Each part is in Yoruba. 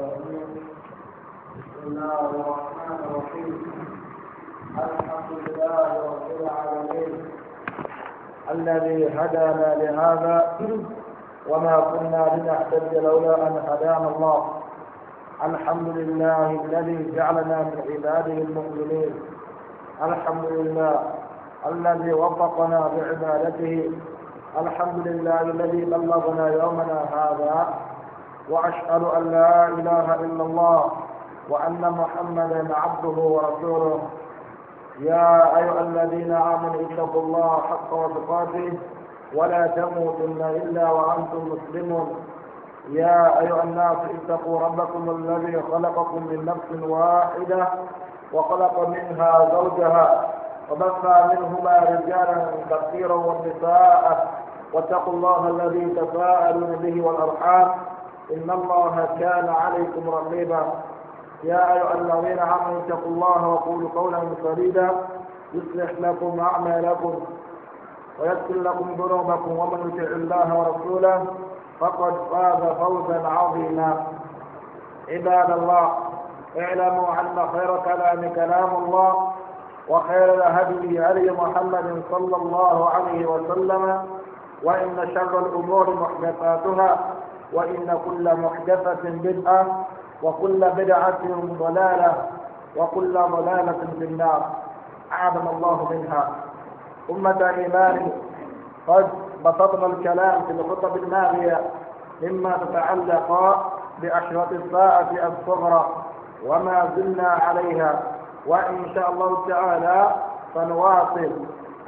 بسم الله الرحمن الرحيم الحمد لله رب العالمين الذي هدانا لهذا وما كنا لنهتدي لولا ان هدانا الله الحمد لله الذي جعلنا من عباده المؤمنين الحمد لله الذي وفقنا بعبادته الحمد لله الذي بلغنا يومنا هذا وأشهد أن لا إله إلا الله وأن محمدا عبده ورسوله يا أيها الذين آمنوا اتقوا الله حق وتقاته ولا تموتن إلا وأنتم مسلمون يا أيها الناس اتقوا ربكم الذي خلقكم من نفس واحدة وخلق منها زوجها وبث منهما رجالا كثيرا ونساء واتقوا الله الذي تساءلون به والأرحام إن الله كان عليكم رقيبا يا أيها الذين آمنوا اتقوا الله وقولوا قولا سديدا يصلح لكم أعمالكم ويغفر لكم ذنوبكم ومن يطع الله ورسوله فقد فاز فوزا عظيما عباد الله اعلموا أن خير كلام كلام الله وخير الهدي هدي محمد صلى الله عليه وسلم وإن شر الأمور محدثاتها وإن كل محدثة بدعة وكل بدعة ضلالة وكل ضلالة في النار أعظم الله منها أمة إيمان قد بسطنا الكلام في الخطب الماضية مما تتعلق بأشرة الساعة الصغرى وما زلنا عليها وإن شاء الله تعالى سنواصل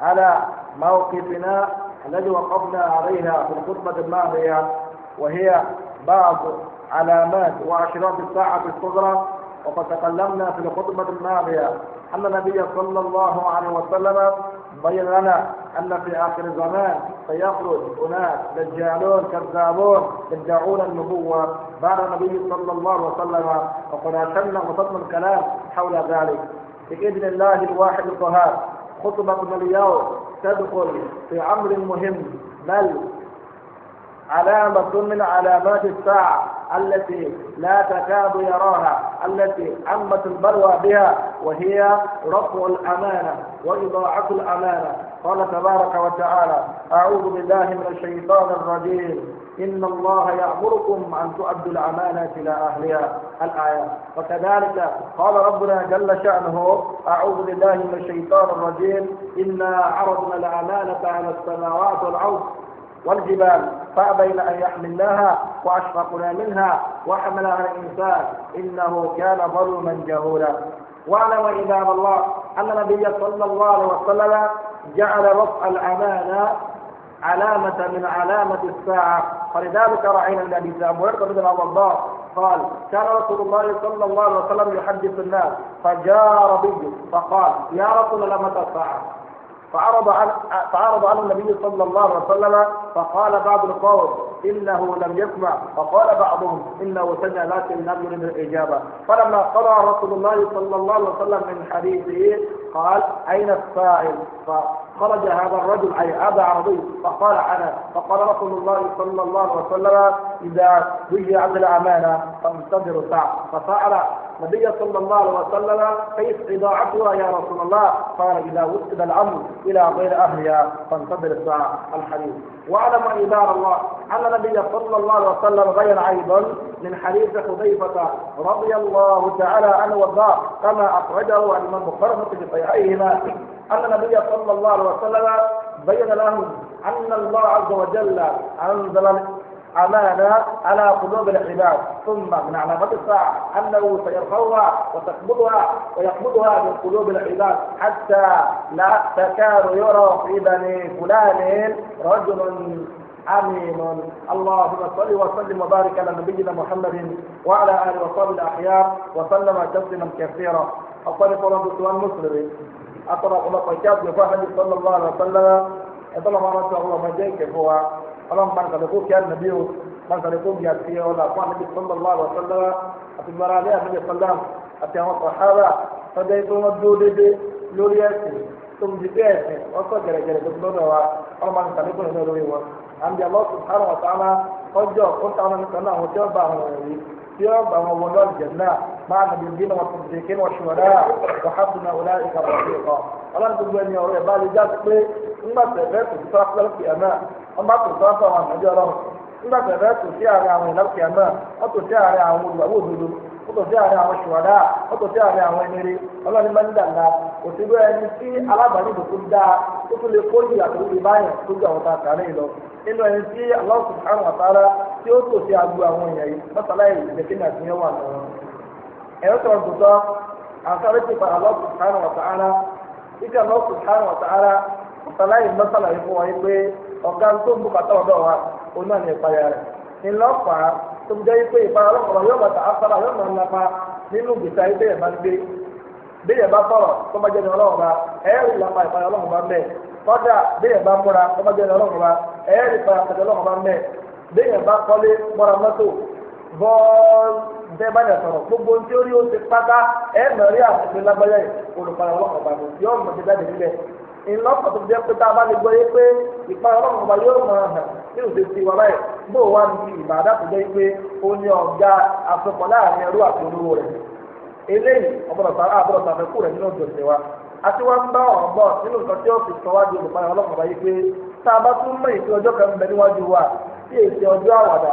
على موقفنا الذي وقفنا عليها في الخطبة الماضية وهي بعض علامات وأشراط الساعة الصغرى وقد تكلمنا في الخطبة الماضية أن النبي صلى الله عليه وسلم بين لنا أن في آخر الزمان سيخرج أناس دجالون كذابون يدعون النبوة بعد النبي صلى الله عليه وسلم وقد أشرنا وصدنا الكلام حول ذلك بإذن الله الواحد القهار خطبة اليوم تدخل في أمر مهم بل علامة من علامات الساعة التي لا تكاد يراها التي عمت البلوى بها وهي رفع الأمانة وإضاعة الأمانة قال تبارك وتعالى أعوذ بالله من الشيطان الرجيم إن الله يأمركم أن تؤدوا الأمانة إلى أهلها الآية وكذلك قال ربنا جل شأنه أعوذ بالله من الشيطان الرجيم إنا عرضنا الأمانة على السماوات والأرض والجبال فأبين أن يحملناها وأشفقنا منها وحملها الإنسان إنه كان ظلما جهولا واعلم عباد الله أن النبي صلى الله عليه وسلم جعل رفع الأمانة علامة من علامة الساعة فلذلك رأينا النبي صلى الله عليه وسلم قال كان رسول الله صلى الله عليه وسلم يحدث الناس فجاء ربي فقال يا رسول الله متى الساعة فعرض على فعرض على النبي صلى الله عليه وسلم فقال بعض القوم انه لم يسمع فقال بعضهم انه سمع لكن لم يرد الاجابه فلما قرا رسول الله صلى الله عليه وسلم من حديثه قال اين السائل فخرج هذا الرجل اي ابا عربي فقال انا فقال رسول الله صلى الله عليه وسلم إذا وجعت الأمانة فانتظر الساعة فسأل النبي صلى الله عليه وسلم كيف إضاعتها يا رسول الله قال إذا وصل الأمر إلى غير أهلها فانتظر الساعة الحديث واعلم عباد الله أن النبي صلى الله عليه وسلم غير أيضا من حديث حذيفة رضي الله تعالى عنه وارضاه كما أخرجه من البخاري في أن النبي صلى الله عليه وسلم بين لهم أن الله عز وجل أنزل أمانة على قلوب العباد ثم من علامات الساعة أنه سيرفعها وتقبضها ويقبضها من قلوب العباد حتى لا تكاد يرى في بني فلان رجل امين اللهم صل وسلم وبارك على نبينا محمد وعلى اله وصحبه الاحياء وسلم تسليما كثيرا اقول قول الدكتور مسلم اقرا قول صلى الله عليه وسلم اطلع ما رسول الله ما هو ọlọ́run bá ń sàlẹ̀ kó kí ànàbí o bá ń sàlẹ̀ kó bí àti ọlá fún ànàbí sallallahu alaihi wasallam àti gbára alẹ́ ànàbí sallam àti àwọn sàhábà tọ́jà yìí tó wọ́n dúró dédé lórí ẹ̀sìn tó ń di pé ẹ̀sìn wọ́n sọ gẹ̀rẹ́gẹ̀rẹ́ tó ti lọ́dọ̀ wa ọlọ́run bá ń sàlẹ̀ kó nínú lórí wọn. àǹdí Allah subhanahu wa ta'ala ọjọ́ ó táwọn nìkan náà àwọn tí wọ́n bá àwọn ọ̀rọ̀ yìí tí wọ́n bá wọ́n bá tòótọ́ sọ àwọn àmọ́jọ́ ọlọ́run nígbà tó ẹ̀fẹ́ tò sí àárín àwọn ìlọ́kì àmọ́ wọ́n tò sí àárín àwọn olùgbàwò òdodo wọ́n tò sí àárín àwọn ṣùwádà wọ́n tò sí àárín àwọn ẹnìrè ọlọ́run máa ń dàgbà kò sí bí ẹni tí alábàánìbò tó dáa tó tún lè kó tó gbà ta àkàrẹ́ lọ nínú ẹni tí Allah subhanahu wa tí ó tò sí agbo àwọn èèyàn yìí mọ́tàlá ọ̀gá tó ń bùkátà ọ̀dọ̀ wa òun náà ní ìpayà rẹ̀ ńlọ́fà tó ń jẹ́ pé ìpayà ọlọ́kọ̀ọ́ yóò bàtà afárá yóò máa lapa nínú gbèsè ayé bẹ́ẹ̀ máa ń gbé bẹ́ẹ̀ bá fọ̀rọ̀ tó bá jẹ́ ní ọlọ́run bá ẹ̀ẹ́rì lapa ìpayà ọlọ́run bá mẹ́ẹ̀ kọ́dà bẹ́ẹ̀ bá múra tó bá jẹ́ ní ọlọ́run bá ẹ̀ẹ́rì ìpayà ọlọ́run bá mẹ́ẹ̀ bẹ́ẹ̀ bá kọ́lé mọ́ra mọ́tò bọ́ọ̀lù ntẹ bá yà sọ̀rọ̀ gbogbo ntẹ orí o ti pátá ẹ mẹrí àtúntò lágbáyà yìí olùkọ́ni ọlọ́kọ̀ọ́ba mi yọ ọmọ ti dáadé ìlọ́pọ̀ tó jẹ́ pé tá a bá lè gbọ́ yé pé ìpa ọlọ́run ọba yóò máa hàn bí òṣèlú ti wà báyìí bó wà ní ìbàdàn tó pé ó ní ọ̀gá àsopọ̀ láàrin ẹrú àti olówó rẹ̀ eléyìí ọ̀bọ̀dọ̀ta rẹ̀ nínú wa àti bá ọ̀rọ̀ nínú nǹkan tí ó fi sọ wájú ọlọ́run ọba pé tá wa tí èsì ọjọ́ àwàdà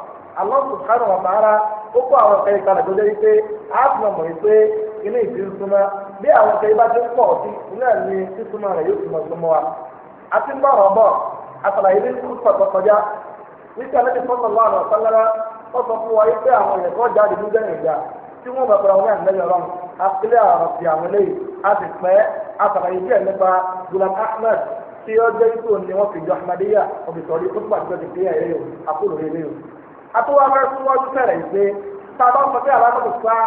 Allah subhanahu wa ta'ala ó kó àwọn ọ̀kẹ́ ìkàlẹ̀ tó lérí a ti mọ̀ mọ̀ pé inú ìdí ń súnmọ́ bí àwọn ti ń pọ̀ na iná ní sísúnmọ́ rẹ̀ yóò túnmọ̀ wa. a ti ń bá ọ̀rọ̀ bọ̀ àtàlàyé ní kúkú kọjá ti fọ́nà sọ fún wa àwọn jáde ní ìjà tí wọ́n bá wọn ní ọlọ́run akílẹ̀ àwọn ti àwọn a pẹ́ nípa Gulam Ahmed tí ó jẹ́ ni wọ́n fi jọ Ahmadiyya atúwọ́ afẹ́ fún wọ́n ìgbé tá a bá sọ pé àbákọ́tò sáà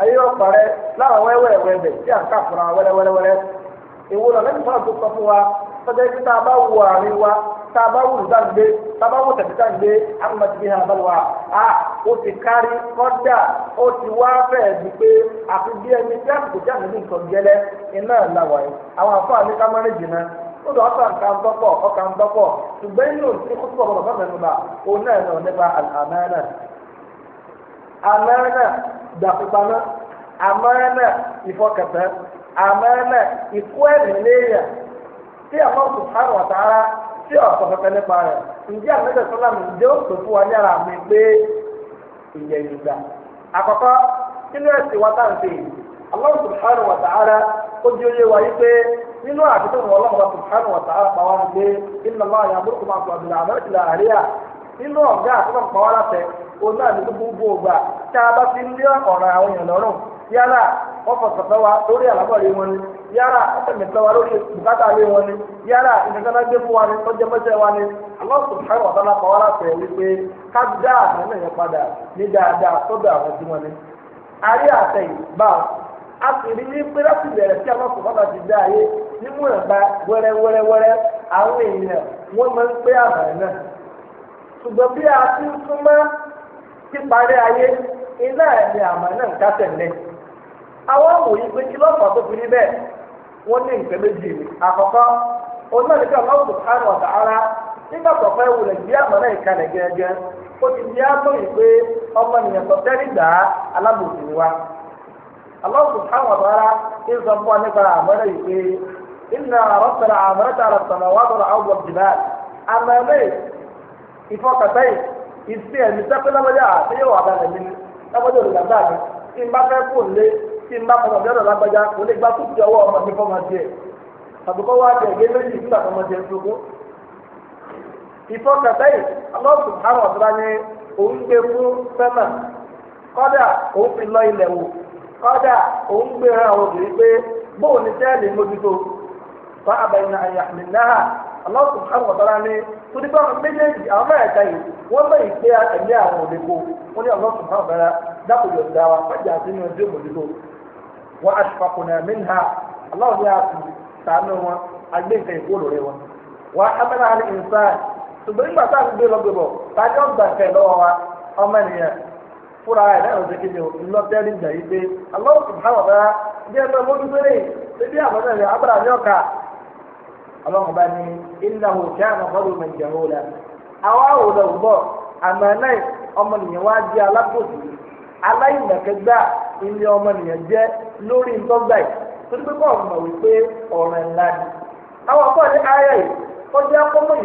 ayé ọ̀pọ̀ rẹ láwọn wẹ́wẹ́wẹ́ bẹ̀ tí à ń kà fúnra lẹ́yìn fún wa tá a bá wù àárín wa tá a bá wù dàgbé tá a bá wù tẹ̀síta gbé amadibi hàn bá a ó ti kárí kọ́dà o ti wá fẹ́ẹ̀ di pé àfi bí ẹni tí tí nǹkan gẹ́lẹ́ iná yìí àwọn àfọ ó lọ ọkà nǹkan gbọ́pọ̀ ọkà gbọ́pọ̀ ṣùgbọ́n inú tí bọ̀ bá òun náà lọ nípa àmẹ́rẹ́nà àmẹ́rẹ́nà àmẹ́rẹ́nà ìfọkẹ̀tẹ́ àmẹ́rẹ́nà léyà tí tí ọ̀sọ̀ nípa rẹ̀ ǹjẹ́ àmẹ́rẹ́ sọ́lámù ǹjẹ́ ó fún wa ní Allah subhanahu wa ta'ala ó di oyè wáyé pé nínú àfikún wọn ọlọ́run wa subhanahu wa ta'ala pa wá ní inna Allah ya'murukum an ta'budu al-malaikata al-aliya nínú ọ̀gá àtúntò a bá fi ń lé ọ̀ràn àwọn èèyàn lọ́rùn yálà wọ́n fọ̀sọ̀tọ̀ wa lórí àlábọ̀lé wọn ni yálà ọ̀sẹ̀mẹ̀tẹ̀ wa lórí bùkátà lé wọn ni yálà ìdàgbàsá a sì rí ní pé láti bẹ̀rẹ̀ sí àwọn kòkòrò àti dá ayé nínú ìrànba wẹ́rẹ́wẹ́rẹ́wẹ́rẹ́ àwọn èèyàn wọ́n máa ń pé àmàlà náà ṣùgbọ́n bí a ti ń súnmọ́ píparí ayé iná ẹ̀mí àmàlà náà ń kásẹ̀ lẹ́ àwọn àwòyí pé kí lọ́pàá tó fi rí wọ́n ní nǹkan méjì àkọ́kọ́ nígbà tó fẹ́ wulẹ̀ bí gẹ́gẹ́ ó ti di wa. Allah subhanahu wa ta'ala in sọ fún wa nípa àmọ́lẹ̀ yìí pé inna àrọ́sọ̀rọ̀ àmọ́lẹ̀ tààrà sọ̀nà wà lọ́rọ̀ àwọn ọ̀gbọ̀n jìbá àmọ́lẹ̀ ìfọkàtà yìí ìsìn ẹ̀mí sẹ́pẹ́ lábẹ́lẹ́ àti yóò si bẹ̀rẹ̀ mi lábẹ́lẹ́ olùgbàgbà mi tí kọ́dà òun gbéra àwọn obìnrin pé bóun ní sẹ́ẹ̀lì mójútó fa ní méjèèjì àwọn yìí wọ́n bẹ̀ ẹ̀mí àwọn wọ́n ní fàjà ní wọ́n a ti gbé lọ́gbẹ̀bọ̀ tá fúnra ẹ̀ náà ṣe kéde lọ́tẹ́rì gbà yìí pé Allah subhanahu wa ta'ala bí ẹ máa mójú péré bébí àwọn náà yà kana zaluman jahula àwọn àwòrán ògbọ́ àmọ́ náà ọmọnìyàn wá jẹ́ alábòsí aláìmọ̀kẹ́gbà ilé ọmọnìyàn jẹ́ lórí ntọ́gbà yìí torí pé bọ́ọ̀lù mọ̀ wípé ọ̀ràn ńlá ni. àwọn akọ́ni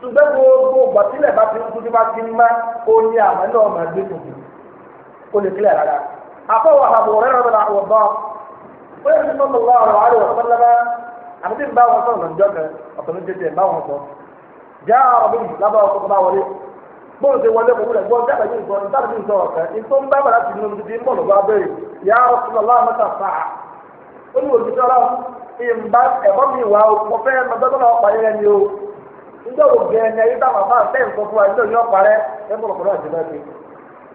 ṣùgbọ́n gbogbo gbàtílẹ̀ bá ti ń kú tí bá ti ń má oyin àmọ́ náà máa gbé tòbi ó lè kílẹ̀ rárá. àfọwọ́ àbàbò rẹ̀ rẹ̀ rẹ̀ bọ́ ó yẹ kí ọ̀sán àbí bá wọn sọ̀rọ̀ lọ́jọ́ ọ̀sán tètè bá wọn sọ. já ọkọ̀ bá wọlé bóun ṣe wọlé ń Ndị gẹ̀ẹ́ gị ayé táwọn afá àtẹ́ nǹkan fún wa ńdọ̀ yọ parẹ́ ẹ mọ̀ lọ́kọ̀ọ́ àti náà ti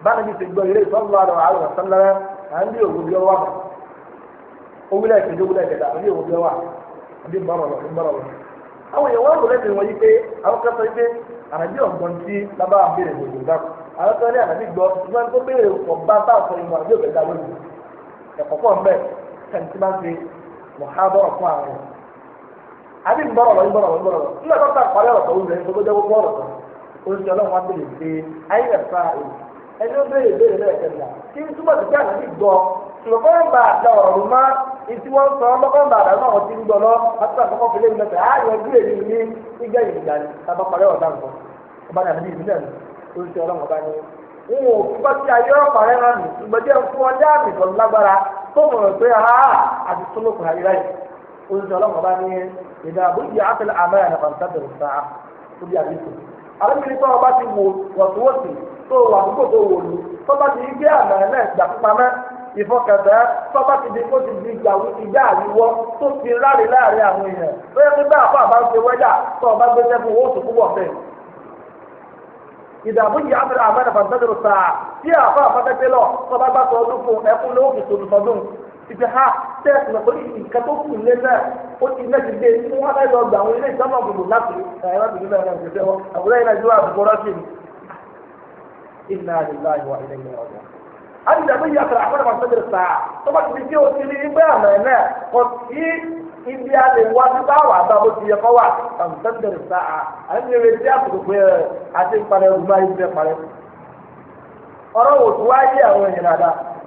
báni mi ti gbọ́ ilé ìtọ́jú àrùn àrùn sánlẹ́rẹ́ à ń bí òwú bí ọwọ́ owúlẹ̀ owúlẹ̀ bí ọwọ́ lọ lọ. àwọn èèyàn wọn yí pé àwọn pé àràbí ọ̀gbọ́n gbogbo dáko àwọn àbí ńbọrọ lọ ńbọrọ lọ ńbọrọ lọ nígbà tó ta parí ọ̀rọ̀ sọ̀rọ̀ rẹ̀ tó jẹ́ gbogbo ọ̀rọ̀ sọ̀rọ̀ oṣù ọlọ́run wá bèrè pé ayé rẹ̀ fa èyí ẹni ó béèrè béèrè bẹ́ẹ̀ kẹta kí n túbọ̀ sí pé àná ti gbọ́ ṣùgbọ́n bá a da ọ̀rọ̀ mọ́ etí wọ́n sọ ọlọ́kàn bá a dà náà ti ń gbọ́ lọ àti àkọ́kọ́ fi léyìn mẹ́ta á yọ bíi èyí ní ìgbà ìgbà ní sábà parí ọ̀dà nǹkan ọba ní àbí ìbílẹ̀ ní oṣù ọlọ́run ọba ní ìdá àbújì àtẹlẹ àmàlà ní pàǹtàbẹ̀rù sáà tó bí àbí sùn. alábìrin tó ọba ti wò wọ̀tíwọ̀tì tó wà àdúgbò tó wò lù tọ́ba ti gbé àmà náà gbà pamẹ́ ìfọkàtà tọ́ba ti di kó ti di ìgbàwó ìjà àríwọ́ tó ti ráre láàrin àwọn èèyàn tó yẹ pé báà fáà bá ń ṣe wẹ́dà tó ọba gbé sẹ́fún owó sùn púpọ̀ bẹ́ẹ̀. ìdààmú yìí àmì àmàlà pàǹtàbẹ̀rù ìgbà ha tẹ́ẹ̀sì náà torí nǹkan tó kù lé náà ó ti náà dé fún wọn láì lọ gbà àwọn ilé ìjọba òbòdò láti ẹ̀rọ ìbílẹ̀ náà náà ṣẹṣẹ wọn àbúrò yìí náà ti wá àbúkọ rọ́ọ̀ṣì ni. ilé máa sáà tó bá ti di kí o ti rí igbá àmọ́ náà kò sí ibi a lè ti yẹ kọ́ wà àwọn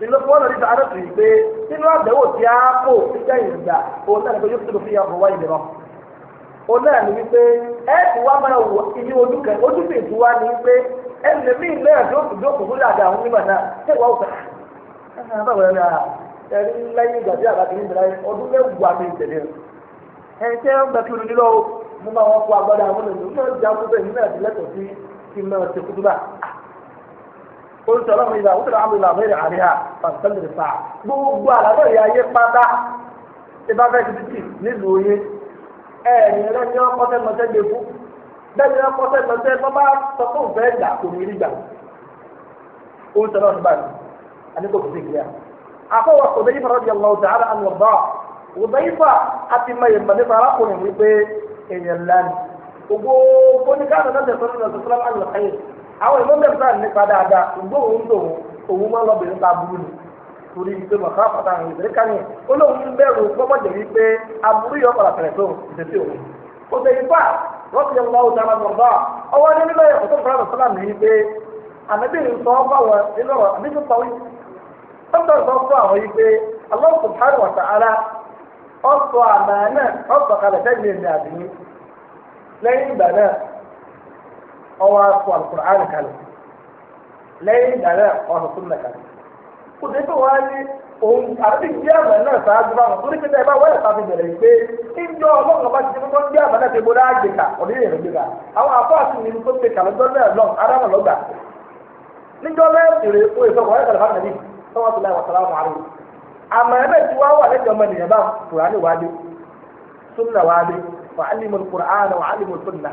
nínú fọ́nà nípa arákùn yìí pé nínú àbẹ̀wò tí a kò fi jẹ́yìn ìgbà òun náà nípa yóò tó fi hàn wá ìdìrọ̀ òun náà ní wípé ẹ ti wá máa wọ iye ojú kan ojú fi ìtú wá ní wípé ẹ lè mí náà jókòó jókòó lórí àga àwọn onímọ̀ náà ṣé ìwà òkè ẹni lẹ́yìn ìgbà tí àbá kìíní bẹ̀rẹ̀ ọdún mẹ́wàá mi tẹ̀lé ẹ ṣé ń bẹ kí mo máa wọn kó àwọn قلت لهم إذا وصل الأمر إلى غير عليها فانتظر الساعة gbogbo àlàbọ̀ ìyá ayé pátá ìbá fẹ́ títí nílùú yé ẹ̀yìn lẹ́ni ọkọ̀tẹ́ lọ́tẹ́ lè fún lẹ́ni ọkọ̀tẹ́ lọ́tẹ́ bọ́bá sọ fún ìfẹ́ ìgbà kò ní rí gbà ó ń sọ̀rọ̀ nígbà mi àníkò kò sí ìgbéyà. àkọ́wọ́ kò déyìí fara yẹn lọ ọ̀tà àrà àmì ọ̀bá kò déyìí fa àti mayẹ̀ mbà nípa arákùnrin wípé èèyàn lánìí. ògbó kóníkà àná àwọn ìmọ̀tẹ́m sáà nípa dáadáa ṣùgbọ́n òun tó òun máa ń lọ bẹ̀rẹ̀ ta burú ni torí pé màkà pàtà àwọn ìbẹ̀rẹ̀ kánì olóhùn bẹ̀rù gbọ́mọ̀jẹ̀ wípé aburú yọ padà tẹ̀lẹ̀ tó ìdẹ̀tẹ̀ òun. kò tẹ̀ ipá rọ́ọ̀tì ọ̀la ọ̀dà ọwọ́ ní ẹ̀kọ́ tó fara lọ́sọ́lá mi ọwọ́ aṣọ alukur'an kalẹ̀ lẹ́yìn ìgbà náà ọ̀sán tún nà kalẹ̀ kò sí pé wọ́n á ní òun àbí jẹ́ àmà náà ṣáájú bá wọn torí pété ìbá wẹ́rẹ̀ sáfi bẹ̀rẹ̀ pé ìjọ ọlọ́run ọba ti ṣe fún jẹ́ àmà náà ṣe gbọdọ̀ àgbè ká ọ̀dẹ́ yẹn gbé ká àwọn àfọ́ àti ìlú tó ṣe kàlọ́jọ́ náà lọ adámọ̀ lọ́gbà níjọ́ mẹ́rin o èso ọ̀rọ̀ ẹ̀ka lọ́fà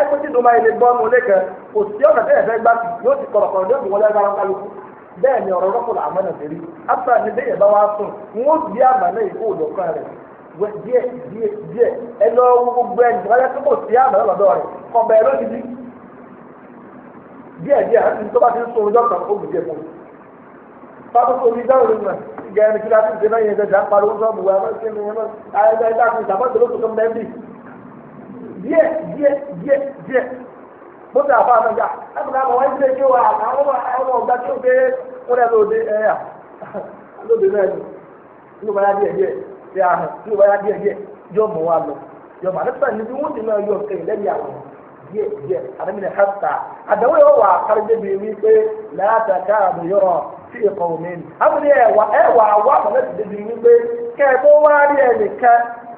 ẹgbẹ́ tí dùnmá ilé gbọ́ nulẹ̀ kan kò sí ọ̀nà tẹ́lẹ̀ fẹ́ gbá yóò ti kọ̀rọ̀ kọ̀rọ̀ yóò ti wọlé agbára kálukú bẹ́ẹ̀ ni ọ̀rọ̀ rọ́pò làmọ́ náà tẹ̀lé after ní bẹ́ẹ̀ bá wá sùn n ó di àmà náà ìkó òdòkan rẹ̀ wẹ díẹ̀ díẹ̀ díẹ̀ ẹ lọ wo gbogbo ẹni tó bá yẹ kó sí àmà náà lọ́dọ̀ rẹ̀ kọ̀ bẹ̀rẹ̀ lónìí díẹ̀ díẹ̀ àti tó bá ti ń sọ ọjọ́ kan ó gbèdé fún un fábùkù omi dáhùn lónìí náà gẹ̀ẹ́nì kí láti ṣe náà yẹn jẹ́ jà pariwo sọ́ọ̀bù wa máa díẹ̀ díẹ̀ díẹ̀ díẹ̀ mo ti àbá àmọ́ ìjà ẹ̀kúnlá àwọn wáyé ilé ìjọba àwọn ọmọ ọ̀gá tí ó gbé wọn lẹ́nu òde ẹ̀yà lóde náà ni ní ìbáyá díẹ̀ díẹ̀ ṣe àhàn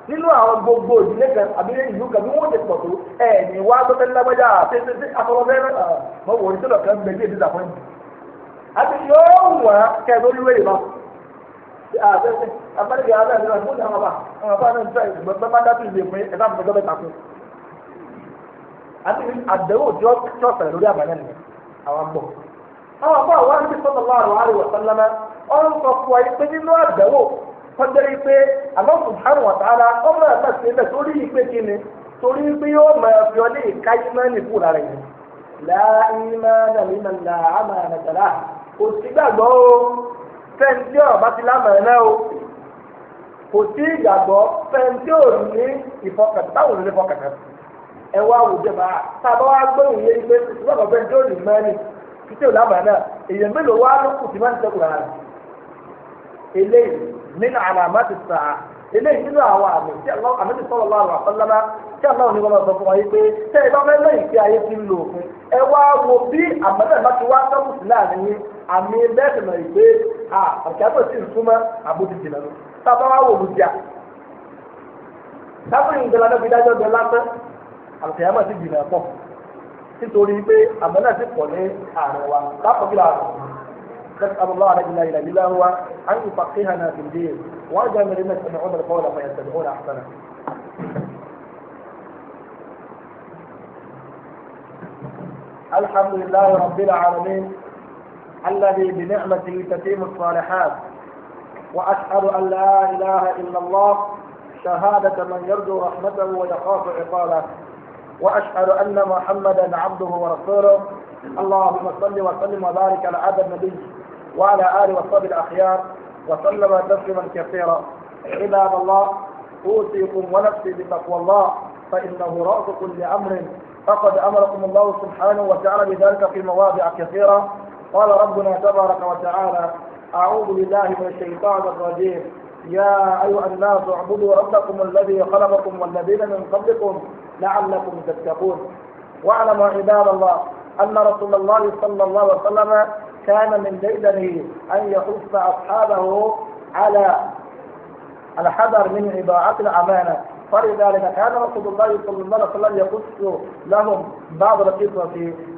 nínú àwọn gbogbo ìdílé kan àbí ìlú kan bí wọ́n ti pọ̀ tó ẹ̀ ní wá tó fẹ́ lágbájá àtẹ́sẹ́sẹ́ afọwọ́fẹ́ ah, mọ wò ní sọ́dọ̀ kan bẹ̀ bí èdè ìdàpọ̀ yìí. àti yóò wá kẹ́ẹ̀dọ́ lórí ìbá àtẹ́sẹ́ abájá abẹ́ àti ìlànà fún àwọn bá àwọn bá náà ń tẹ́ ìgbẹ́ bá dá sí ìlú ìpín ẹ̀dá àmọ́jọ́ bẹ́ẹ̀ takùn. àti àdéhùn tí ó sọ̀rọ̀ lórí àbáyá nìyẹn àwọn bọ̀. àwọn bọ̀ wá níbi sọ́dọ̀ kọjá ipe alọ́kùn hàn wà tààrà ọmọ ẹ̀ka sílẹ̀ torí ipe kíni torí ipe yóò mọ ẹ̀fí ọdẹ ìka ìmánì kú lára yẹn. láàmìnà nàmínà là àmà nàtàlà kò sí gbàgbọ́ o fẹ́ǹtì ọ̀bá ti lámà ẹ̀ náà o kò sí ìgbàgbọ́ fẹ́ǹtì ò ní ìfọkàtà táwọn ò ní fọkàtà ẹ wá àwùjọ bá tábà wá yé fẹ́ǹtì lámà náà èèyàn mélòó wá ló kù sí eléyìí nínú na ti sà á eléyìí nínú àwọn àmì tí àmì sọ̀rọ̀ lọ́wọ́ àfọlábá tí àlọ́ ní wọ́n sọ fún wa yìí pé tẹ́ ẹ bá fẹ́ lẹ́yìn tí ewa ti bi lò fún ẹ wá wo bí àmọ́tẹ́ bá ti wá sọ́kù sí láàrin yín àmì bẹ́ẹ̀ mọ̀ pé à náà fi lásán ti jìnnà nítorí pé ti نسأل الله لا إله إلا هو أن يفقهنا في الدين وأجعلنا الذين يستمعون القول فيتبعون أحسنه الحمد لله رب العالمين الذي بنعمته تتم الصالحات وأشهد أن لا إله إلا الله شهادة من يرجو رحمته ويخاف عقابه وأشهد أن محمدا عبده ورسوله اللهم صل وسلم وبارك على عبد النبي وعلى آله وصحبه الأخيار وسلم تسليما كثيرا عباد الله أوصيكم ونفسي بتقوى الله فإنه رأس كل أمر فقد أمركم الله سبحانه وتعالى بذلك في مواضع كثيرة قال ربنا تبارك وتعالى أعوذ بالله من الشيطان الرجيم يا أيها الناس اعبدوا ربكم الذي خلقكم والذين من قبلكم لعلكم تتقون واعلموا عباد الله أن رسول الله صلى الله عليه وسلم كان من ديدنه أن يحث أصحابه على الحذر من إضاعة الأمانة فلذلك كان رسول الله صلى الله عليه وسلم يقص لهم بعض القصص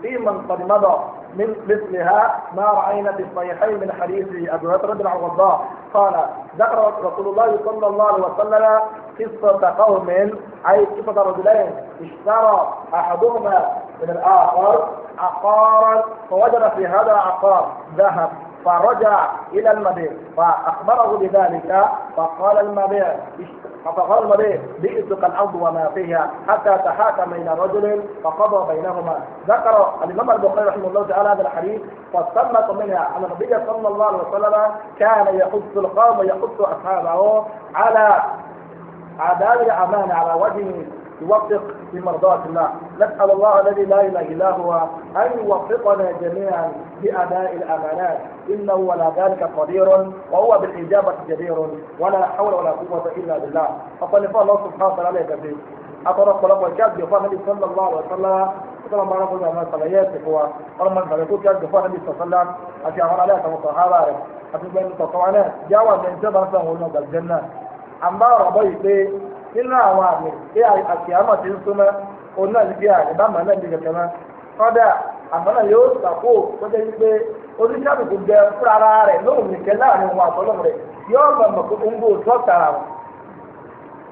في من قد مضى من مثلها ما راينا في الصحيحين من حديث ابي هريره بن عبد الله قال ذكر رسول الله صلى الله عليه وسلم قصه قوم اي قصه رجلين اشترى احدهما من الآخر عقارا فوجد في هذا العقار ذهب فرجع إلى المبيع فأخبره بذلك فقال المبيع فقال المبيع بئسك الأرض وما فيها حتى تحاكم إلى رجل فقضى بينهما ذكر الإمام البخاري رحمه الله تعالى هذا الحديث واستنبط منها أن النبي صلى الله عليه وسلم كان يحث القوم ويحث أصحابه على أداء الأمانة على وجه يوثق في مرضاة الله نسأل الله الذي لا إله إلا هو أن يوفقنا جميعا بأداء الأمانات إنه ولا ذلك قدير وهو بالإجابة جدير ولا حول ولا قوة إلا بالله أطلب الله سبحانه وتعالى كثير أطرق لك الكذب يفعل النبي صلى الله عليه وسلم sọlọ mọ arákùnrin àwọn àtàlàyé ẹsẹ fún wa ọlọmọ ìgbàlẹ tó kí á gbẹfọ àdébí sọsọlá àti àwọn alẹ àtàwọn sọhábà rẹ àti gbẹmí sọsọ wa náà jáwà nínú àwọn àmì tí àti ti ń súnmọ́ òun náà ní bí àdìbá màá náà ní kẹ̀kẹ́ mọ́ kọ́dà àmọ́ náà yóò sàkó tó jẹ́ wípé fúra ara rẹ̀ lóhùn nìkẹ́ láàrin òun àtọ́lọ́ rẹ̀ yóò mọ̀ mọ̀ pé òun tara wọn.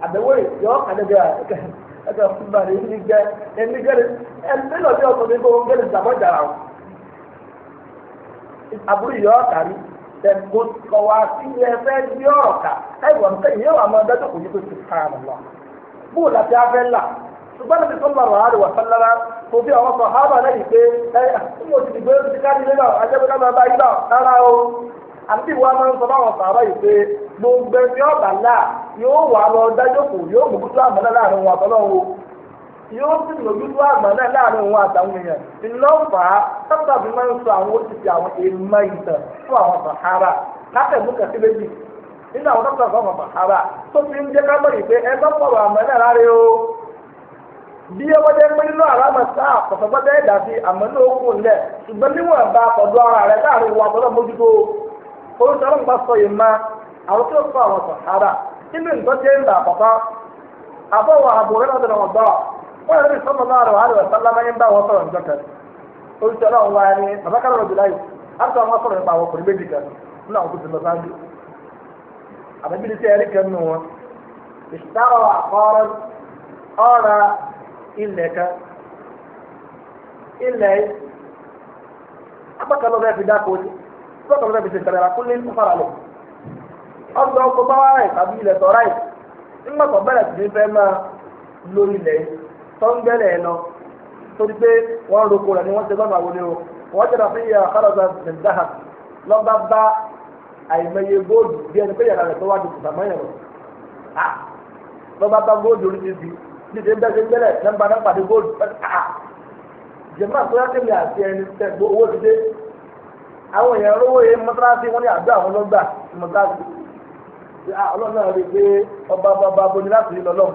àbẹ̀wò rẹ̀ ní ẹni ẹni kó wọn. àbúrò tẹ̀kọ́ kọ̀wá sílẹ̀ fẹ́ di ọ̀rọ̀ ká ẹ̀wọ̀n kẹ́yìn yóò àmọ́ ẹ̀dájọ́ kò yí pé subhanallah bóòlù àti afẹ́ là ṣùgbọ́n níbi tó ń bọ̀rọ̀ àrùn wà sálára kò bí àwọn sọ̀hábà lẹ́yìn pé ẹ mo ti gbé ti ká nílé náà ajẹ́pẹ́ ká máa bá yí náà rárá o àti ìwà máa ń sọ báwọn sàrọ̀ yìí pé gbogbo ẹni ọ̀bà náà yóò wà lọ dájọ́ kò yóò mú yóò sì lójútó àgbà náà láàrin òun àtàwọn èèyàn fà á sábà bí ń sọ àwọn àwọn ìtàn fún àwọn sàhárà látẹ̀mú nínú àwọn fún àwọn sàhárà tó fi ń jẹ́ ká mọ̀ pé ẹ bá pọ̀rọ̀ àmọ́ náà láre o bí ẹ wọ́n jẹ́ pé nínú àlámọ̀ sáà pọ̀sọ̀gbọ́dẹ́ ẹ̀dá sí àmọ́ náà ó kù ṣùgbọ́n níwọ̀n bá pọ̀dọ̀ ara rẹ̀ láàrin wọn àtọ́lọ́ mójútó orúkọ ọlọ́mùpá sọ wọ́n lè rí sallallahu alaihi wa sallam ń bá wọn sọ̀rọ̀ níjọ́ kan oṣù ọlọ́run wa ni bàbá kálọ̀ lọ́jọ́ láyò àtúntò àwọn na nípa àwọn ọkùnrin méjì kan nínú àwọn tó tó ń gbẹ́lẹ̀ ẹ lọ torí pé wọ́n roko rẹ̀ ni wọ́n ti lọ́nà o wọ́n yà kálọ̀dà lọ́ba bá àìmọye bí ẹni pé yàrá rẹ̀ tó wá lọ́ba bá ní ti bẹ́ẹ̀ ṣe gbẹ́lẹ̀ nọ́mbà náà pàdé góòlù à jẹ̀mọ́ àti wákẹ́ mi àti ẹni tẹ̀ owó ti dé àwọn èèyàn lówó yẹn mọ́tàlásí wọn ní àdó àwọn lọ́gbà ọlọ́run náà rí i pé ọba boni lọ́lọ́run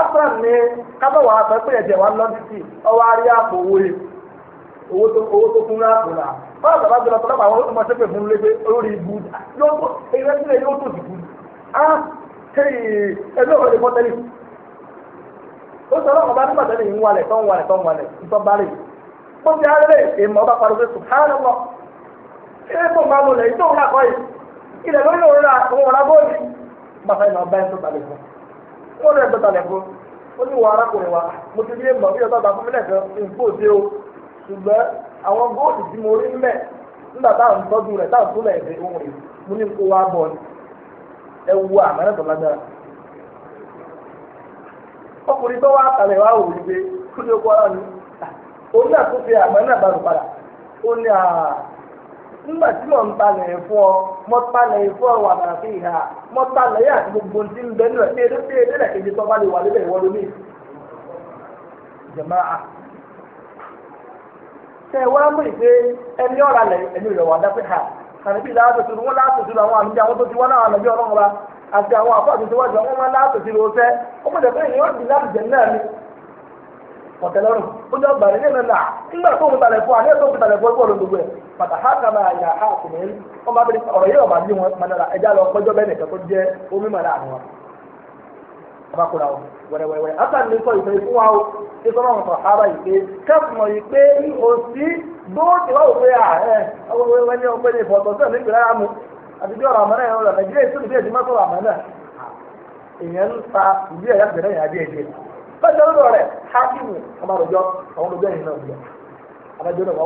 afran ní kábọ̀wá sọ pé ẹ̀jẹ̀ wa lọ́ọ́ títì ọwọ́ arí àpò owó yìí owó tó owó tó fún láàbò náà báwo bàbá gbé lọ sọ lọ́pàá àwọn ọmọ sẹ́pẹ̀ fún lé pé olórí ibu yóò tó ẹ̀rọ sílẹ̀ yóò tó dìbò á kéyì ah, ẹgbẹ́ ọ̀rọ̀ lè bọ́ tẹ́lẹ̀ ó sọ lọ́kọ̀ọ́ bá nígbà tẹ́lẹ̀ ń walẹ̀ tó ń walẹ̀ tó ń walẹ̀ nǹkan bá rè bó ti arẹ́lẹ̀ èèmọ̀ ọba pariwo pé subhanallah ṣé kò máa lọ lẹ̀ ìtòun náà kọ́ yìí ilẹ̀ lórí òun ra ó rẹ̀ gbọ́dọ̀ lẹ́kọ́ ó ní wọ arákùnrin wa mo ti rí èèmọ̀ bí ọ̀tọ̀ àbúrò lẹ́kan nǹkó o ṣùgbọ́n àwọn góòlù tí mo rí mẹ́ nígbà tá à ń tọ́jú rẹ̀ tá à ń mo ní kó wá ẹ lágbára. ọkùnrin tó wá wá òwò ara ni ah, òun náà tó fi àmọ́ náà bá padà ó nígbà tí mò ń talẹ̀ ẹ̀fọ́ mọ́ talẹ̀ ẹ̀fọ́ wà láti ìhà gbogbo ti ń bẹ́ẹ̀ náà tó bá lè wà lébẹ̀ ìwọ́n lómi. jẹ̀má ṣe wá mú ẹni ọ̀rọ̀ alẹ̀ ha wọn àwọn tó ti wá náà ọlọ́run wa àti àwọn tó wájú àwọn máa ó mọ̀ ìyẹn ọ̀dì láti náà ni ó jọ ní kpata ha àkùnrin wọn bá bẹ̀rẹ̀ ọ̀rọ̀ yìí ọba bí wọn mọdàlá ẹja lọ kọjọ bẹ́ẹ̀ nìkan tó jẹ omi mọdà ọba kura wọn wẹrẹwẹrẹ asan ní sọ ìfẹ́ fún wa o ṣé sọ wọn sọ ara yìí pé kẹfùmọ yìí pé òsì bóòtù wà òfin à ẹ ọwọ́ ẹni ọgbẹ ní ìfọ̀tọ̀ sọ ní ìgbéra mu àti bí ọ̀rọ̀ àmọ́ náà yẹn lọ nàìjíríà ìṣòro bí ẹ̀dín mọ́tò àmọ́ náà èèyàn ń ta ìdí ẹ̀yà bẹ̀rẹ̀ yẹn adé ẹ̀dín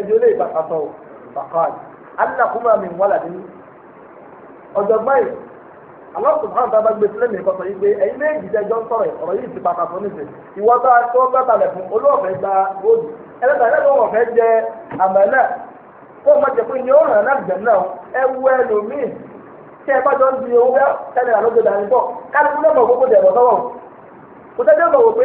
ẹjọ́ lè bàtà sọ ọ́ bàkàlì alákùnrin àmì wàlà ní ọ̀jọ̀gbọ́n yìí aláṣọ fún àwọn àgbẹ̀ sílẹ̀ mi kọ́sọ̀ yìí pé ẹ̀yin méjì jẹ́ jọ ń sọ̀rọ̀ yìí ti ìwọ tó gba góòlù wọn jẹ àmọ́ náà kó o má jẹ pé ní ó ràn án jẹ náà ẹ wú ẹ ẹ bá jọ ń di owó dání kálukú náà gbogbo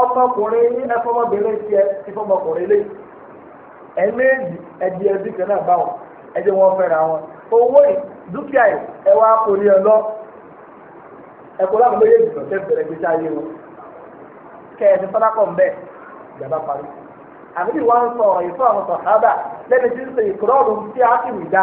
ọmọkùnrin ní ẹfọmọbìnrin tiẹ ẹfọmọkùnrin lé ẹmẹ́ẹ̀dì ẹdí ẹbí kan náà bá wọn ẹdí wọn fẹ́ra wọn owó yìí dúkìá yìí ẹ wá kò ní ẹ lọ ẹ̀kọ́ láwọn méjèèjì tó fẹ́ bẹ̀rẹ̀ gbé sáyé wọn kẹ̀yẹ̀sì sọ́dákọ̀ ń bẹ̀ ìjàmbá parí àbí ìwà ń sọ ọ̀rọ̀ ìfọ̀ àwọn sọ̀hábà lẹ́ni tí ń ṣe ìkúrọ̀ọ̀dù tí a ti wì dá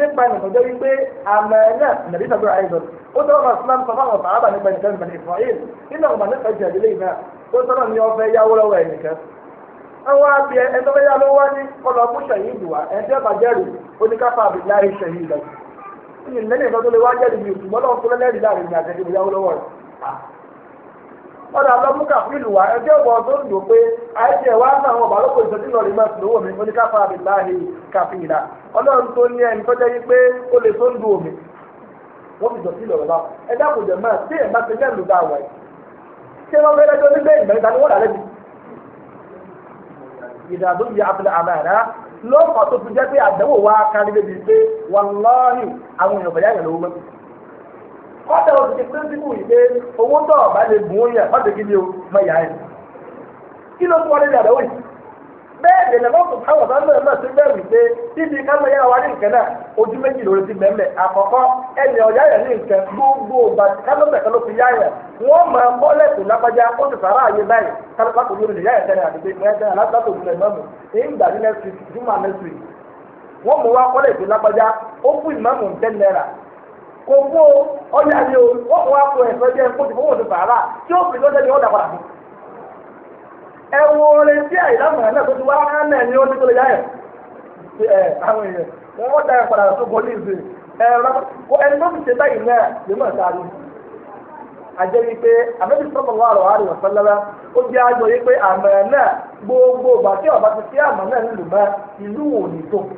nípa ìnàkọ̀jọ́ wípé àmà ẹ̀ náà nàbí sàgbé àìsàn ó tọ́wọ́ máa sùnmọ́ nípa fáwọn sàábà nípa ìnìkan nípa ìfọ̀yìn nínú ọ̀gbà nípa ìjà ìdílé ìgbà tó sọ́nà ní ọ̀fẹ́ yáwó lọ́wọ́ ẹ̀nìkan. àwọn abẹ ẹni tó fẹ́ yá ló wá ní kọlọ mú ṣẹ̀yìn ìdùwà ẹni tí ọba jẹ́rìí oníkáfà àbíláì ṣẹ̀yìn ìdàgbà. ìyìn lẹ́yìn ìtọ́jú lè ọ na fílù wa ẹjẹ́ ọ̀bọ̀ tó ń dò pé àìsí ẹ̀wá ń àwọn ọ̀bà lóko ìṣẹ́jú lọ́ọ̀rì máa ti lówó mi oníkàfà àbíláhì kàfìlà ọlọ́run tó ní ẹni tọ́jọ́ yí pé ó lè tó ń dò mí wọ́n fi dọ̀tí lọ̀rọ̀ bá kò máa tí dá ṣé ni ìdàdó abúlé lọ́kọ̀ tó jẹ́ pé wa kárí kọ́tà o ti di píríncípù ikpe pé owó tó ọ̀bá lè gùn ó yẹ ọ̀dẹ̀ gidi o mọ ìyá kí ló tún wọlé ní àdáwò yìí. bẹ́ẹ̀ náà ti bẹ́ẹ̀ wí pé títí yára wa ní nǹkan náà ojú méjì lórí ti àkọ́kọ́ ọ̀yá yẹn ní nǹkan gbogbo ọba kálọ́mẹ̀ kan ló fi yá yẹn wọ́n máa bọ́ lẹ́kùn lápájá ó ti sàrà àyè báyìí kálọ́pàá kò gbó ọjà o wọ́n kò wá kó ẹ̀fọ́ jẹ́ kó ti fowó ti tí ó fi lọ́jọ́ ni ó ẹ wo tí náà tó ti wá náà ni ó tó lè yá ẹ̀ àwọn èèyàn wọ́n dá padà ẹni tó ti ṣe báyìí náà lè mọ̀ sáré. àjẹ́ pé sọ́kọ̀ wà ó yìí pé àmọ̀ náà gbogbo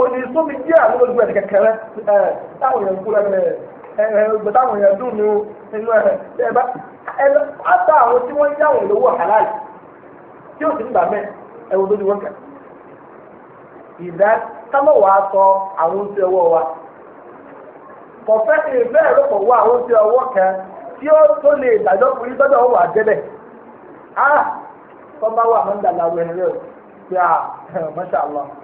òní sómi díẹ̀ àwọn olójú ẹ̀ kẹkẹrẹ táwọn èèyàn kú táwọn èèyàn dùn ní inú bá àwọn tí wọ́n yá àwọn olówó tí ó sì ń gbà mẹ́ wọ́n lójú wọn àwọn oúnjẹ ọwọ́ wa ìfẹ́ ẹ̀rọ pọ̀ wá àwọn oúnjẹ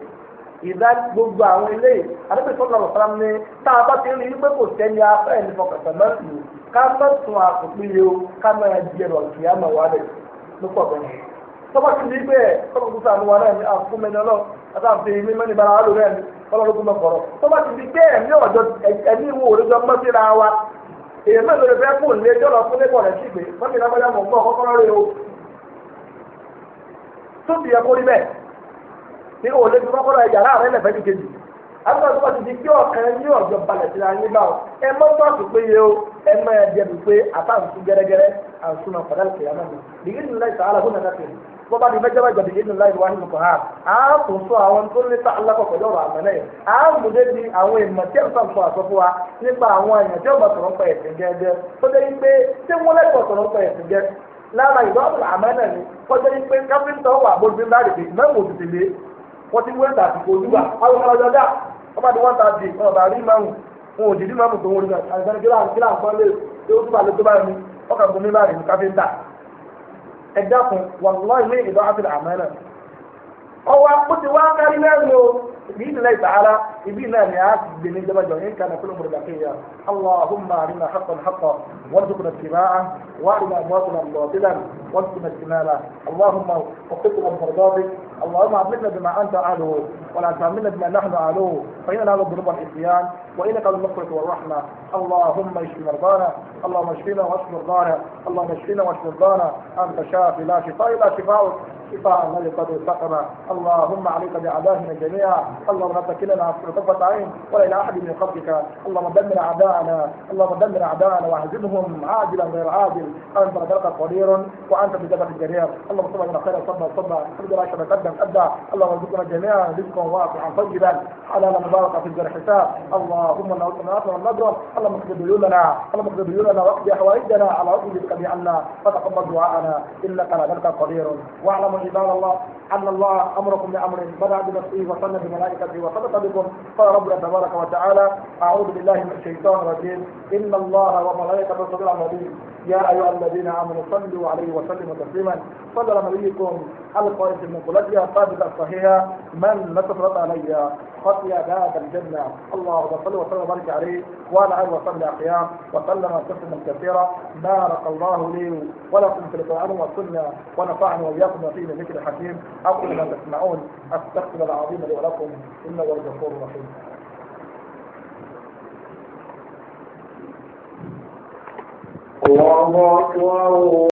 ìdá gbogbo àwọn eléyìí àdébí sọ́nà ọ̀sán ni tá a bá ti rí wípé kò sẹ́ni afẹ́ ẹni fọkàtà náà lò ká má tún àkùnfin yìí o ká má jẹ lọ kí á má wà lẹ̀ lọ́pọ̀ bẹ́ẹ̀ tọ́pọ̀ sí ní bẹ́ẹ̀ tọ́pọ̀ tó sànù wa náà ní àfúnmẹ́ni ọlọ́ àtàfin mi mẹ́ni bára wà lórí ẹ̀mí ọlọ́dún mọ̀ kọ̀rọ̀ tọ́pọ̀ sí ní bẹ́ẹ̀ ní ọ̀dọ́ ẹ̀mí wo ní òòlù tí wọ́n kọ́ra yàrá rẹ̀ lẹ́fẹ̀ẹ́ ní kejì àwọn ọ̀dọ́ ti di kí ọ̀kan ní ọ̀jọ̀ balẹ̀ sí ayé bá o ẹ mọ́ tó àtò pé yẹ o ẹ mọ́ ẹ jẹ́ mi pé àbá ń sún gẹ́rẹ́gẹ́rẹ́ à ń sún àpàdé àti ìyá náà mi bìgí nínú láì sàálà fún nàkàtì wọ́n bá di mẹ́jọ́ mẹ́jọ́ bìgí nínú láì wáhìn kò hàn á tún sún àwọn tó ní ta alákọ̀ọ́kọ́ yọ̀rọ̀ àmàlẹ́ yẹn á mú débi àwọn èèmọ̀ tí ẹ̀sán sọ àsọ fún wa nípa àwọn èèyàn tí ọmọ wọ́n ti wéńtà àsìkò ojúgbà àwọn ọ̀dọ́ dá wọ́n bá di wọ́n ta di ọ̀bà rí máa ń wọn ò dìdí máa ń tó wọn nígbà àìsàn kí láà kí láà gbọ́n lé tó tó bá lè tó bá mi ọkà gbọ́n mi bá rìn káfíńtà ẹ dákun wàlúwàá ilé ìbá àfihàn àmọ́ náà ọwọ́ إبينا náà ni a ti كان كل أمر kan اللهم mọ̀rọ̀ حقا حقا وارزقنا haqqan وارنا warzuqna ittiba'a وارزقنا arina اللهم وفقنا لمرضاتك اللهم عبدنا بما انت اهله ولا تعاملنا بما نحن اهله فاننا لا ذنوب الاتيان وانك على المغفره والرحمه اللهم اشف مرضانا اللهم اشفنا واشف مرضانا اللهم اشفنا واشف مرضانا انت شافي لا شفاء الا شفاؤك شفاء لا يقدر سقما اللهم عليك بعذابنا جميعا اللهم لا تكلنا عفوا وقرة عين ولا إلى أحد من خلقك اللهم دمر أعداءنا اللهم دمر أعداءنا واهزمهم عاجلا غير عاجل أنت لك قدير وأنت بجبل الجرير اللهم صل على خير صلى صلى الحمد لله شبه قدم أدى اللهم ارزقنا جميعا رزقا واسعا طيبا حلالا مباركا في الجرح حساب اللهم نعوذ من أثر النظر اللهم اقضي ديوننا اللهم اقضي ديوننا واقضي حوائجنا على وجهك بعنا فتقبل دعاءنا إنك على ذلك قدير واعلموا عباد الله أن الله أمركم بأمر بدأ بنفسه وصلى بملائكته وصدق بكم قال ربنا تبارك وتعالى أعوذ بالله من الشيطان الرجيم إن الله وملائكته يصلون على النبي يا أيها الذين آمنوا صلوا عليه وسلموا تسليما صلى على نبيكم القائد من قلتها ثابتة صحيحة من لا تفرط علي خطي باب الجنة الله صل وسلم وبارك عليه وعلى آله وصحبه أخيام وسلم تسليما كثيرا بارك الله لي ولكم في القرآن والسنة ونفعني وإياكم فيه من ذكر حكيم أقول ما تسمعون أستغفر العظيم لي ولكم إنه الغفور الرحيم الله أكبر